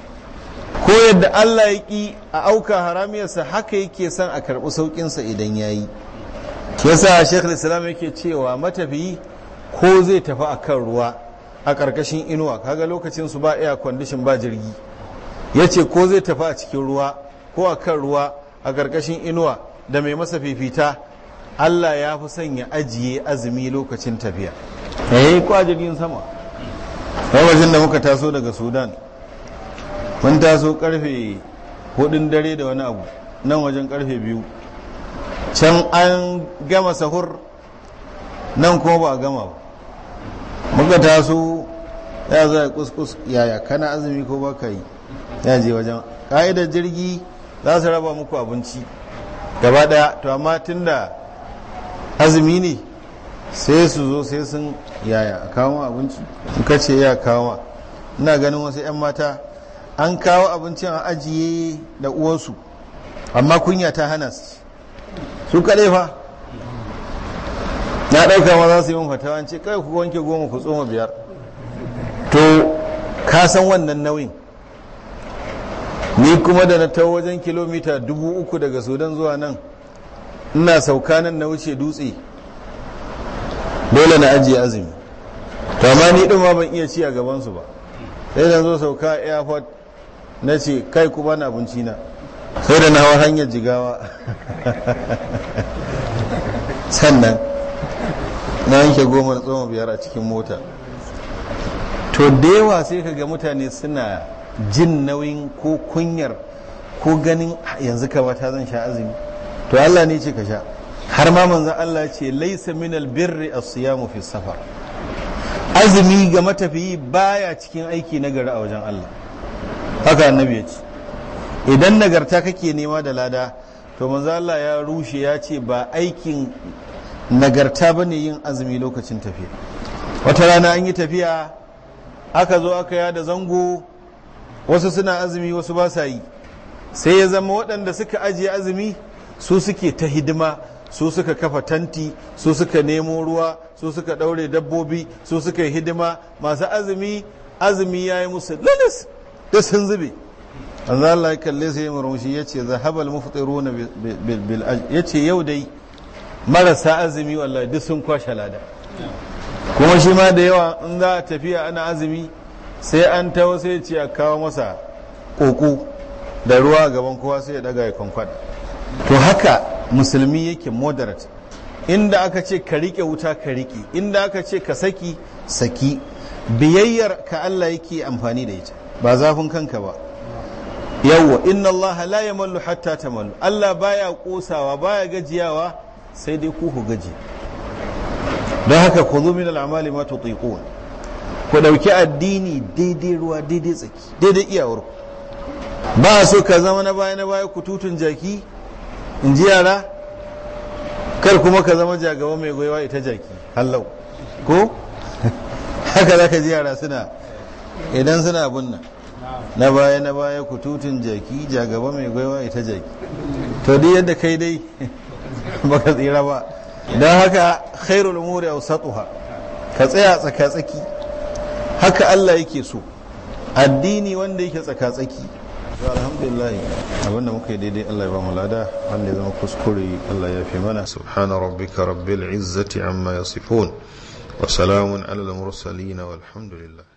ko yadda Allah ya ƙi a auka haramiyarsa haka yake son a karɓi sauƙinsa idan ya yi yasa shekul islam yake cewa matafiyi ko zai tafi a kan ruwa a ƙarƙashin inuwa kaga lokacin su ba air condition ba jirgi ya ce ko zai tafi a cikin ruwa ko a kan ruwa a ƙarƙashin inuwa da mai masa fifita Allah ya fi son ya ajiye azumi lokacin tafiya eh ko a jirgin sama lokacin da muka taso daga sudan mun taso karfe hudun dare da wani abu nan wajen karfe biyu can an gama sahur nan kuma ba a gama ba muka taso ya za a kuskus yaya kana azumi ko ba ka yi ya je wajen ka'idar jirgi za su raba muku abinci gaba daya to amma da azumi ne sai su zo sai sun yaya a kawo abinci suka ce ya kawo ina ganin wasu 'yan mata an kawo abincin a ajiye da uwansu amma kunya ta hana su su kaɗai fa na ɗauka ma za su yi mafata fatawa ce kai ku wanke goma ku tsoma biyar to ka san wannan nauyin ni kuma da na tawo wajen kilomita dubu uku daga sudan zuwa nan ina sauka nan na wuce dutse dole na ajiye azumi to amma ni din ma ban iya ci a gaban su ba sai da zo sauka airport na ce kai kuma na abinci na sai da na hawa hanyar jigawa sannan na yanke goma da tsoma biyar a cikin mota to da yawa sai ka ga mutane suna jin nauyin ko kunyar ko ganin yanzu kamata zan sha azumi to allah ne ce ka sha har ma manzan Allah ce laisa minal birri as-siyamu fi safar azumi ga matafiyi baya cikin aiki na gari a wajen Allah haka annabi ya ce idan nagarta kake nema da lada to manzan Allah ya rushe ya ce ba aikin nagarta bane yin azumi lokacin tafiya wata rana an yi tafiya aka zo aka yada zango wasu suna azumi wasu ba yi sai ya zama waɗanda suka ajiye azumi su suke ta hidima su suka kafa tanti su suka nemo ruwa su suka ɗaure dabbobi su suka yi hidima masu azumi azumi ya yi musu lalis da sun zube an za Allah ya kalle sai murmushi ya ce zahabal muftiru na bil ya ce yau dai marasa azumi wallah duk sun kwashe lada kuma shi ma da yawa in za a tafiya ana azumi sai an taho sai ya ce a kawo masa koko da ruwa gaban kowa sai ya daga ya kwankwada to haka musulmi yake moderate inda aka ce ka rike wuta ka riƙe. inda aka ce ka saki saki biyayyar ka Allah yake amfani da ita ba zafin kanka ba yawwa inna Allah la yamallu hatta tamallu Allah baya kosawa baya gajiyawa sai dai kuhu gaji don haka ku zo min al'amali ma tutiqun ku dauki addini daidai ruwa daidai tsaki daidai iyawar ba so ka zama na baya na baya ku tutun jaki in ji yara kar kuma ka zama jagaba mai gwaiwa ita jaki hallau ko haka za ka ji yara suna idan suna abin na baya na baya ku tutun jaki jagaba mai gwaiwa ita jaki to duk yadda kai dai baka tsira ba don haka khairul umuri awsatuha ka tsaya tsaka-tsaki haka Allah yake so addini wanda yake tsaka-tsaki alhamdulillah abinda muka yi daidai Allah ya ba mu lada wanda ya zama kuskure Allah ya fi mana subhana rabbika rabbil izzati amma yasifun wa salamun alal mursalin walhamdulillah